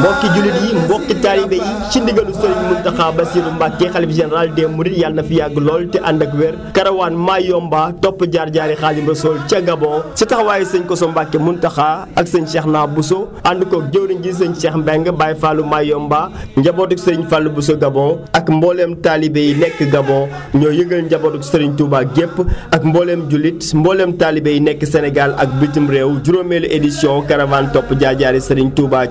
mbokki jullit yi mbokki taalibe yi ci ndigalu Serigne Mountakha Bassirou Mbacké xalif général des Mourides yàlla na fi yàgg lool te ànd ak wér karawaan yomba topp jaar-jaari Xaadimu Rasuul ca Gabon ci taxawaayu sëñ Koso Mbacké Mountakha ak sëñ Cheikh Na Bousso ànd koog jëwriñ ji sëñ Cheikh Mbeng Baye Fallou Mayomba njabootuk sëriñ Fallou Bousso Gabon ak mbooleem taalibe yi nekk Gabon ñoo yëgal njabootuk sëriñ Touba gépp ak mbooleem jullit mbooleem taalibe yi nekk Sénégal ak bitim réew juróomeelu édition doxaan topp jaajaari Serigne Touba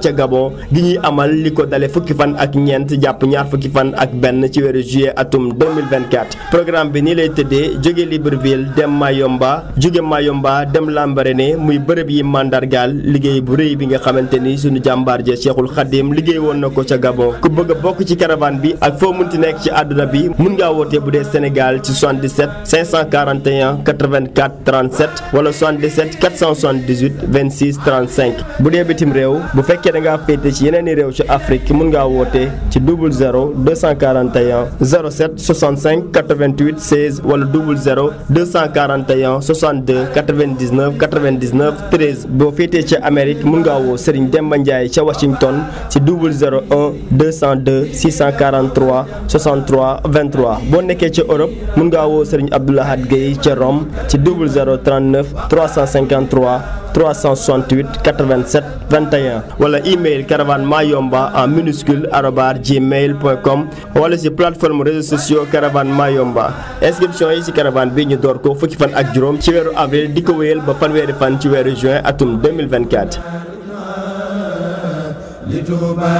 ko fukki fan ak ñeent jàpp ñaar fukki fan benn ci weeru juillet atum 2024 bi nii lay tëddee jóge Libreville dem Mayomba jóge Mayomba dem Lambaréné muy bërëb yi mandargaal liggéey bu rëy bi nga xamante ni suñu jàmbaar ja Cheikhul Khadim liggéey woon na ko ca Gabon ku bëgg a bokk ci caravane bi ak foo munti nekk ci àdduna bi mun ngaa woote bu dee Sénégal ci 77 541 84 37 wala 77 478 26 35 bu dee bitim réew bu fekkee danga ngaa féete ci yeneen i réew ci Afrique mun nga woote ci 00 241 07 65 88 16 wala 00 241 62 99 99 13 boo féetee ca Amérique mun ngaa woo Serigne Demba Ndiaye ca Washington ci 001 202 643 63 23 boo nekkee ca Europe mun ngaa woo Serigne Abdoulahad Gueye ca Rome ci 00 39 353 368 87 21 wala email caravane mayomba en minuscule arobase gmail com wala si plateforme réseaux sociaux caravane mayomba inscription yi si caravane bi ñu door ko fukki fan ak juróom ci weeru avril di ko wéyal ba fanweeri fan ci weeru juin atum 2024 li Tuuba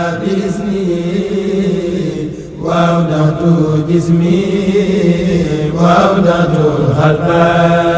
waaw daatu jismi waaw daatu xalba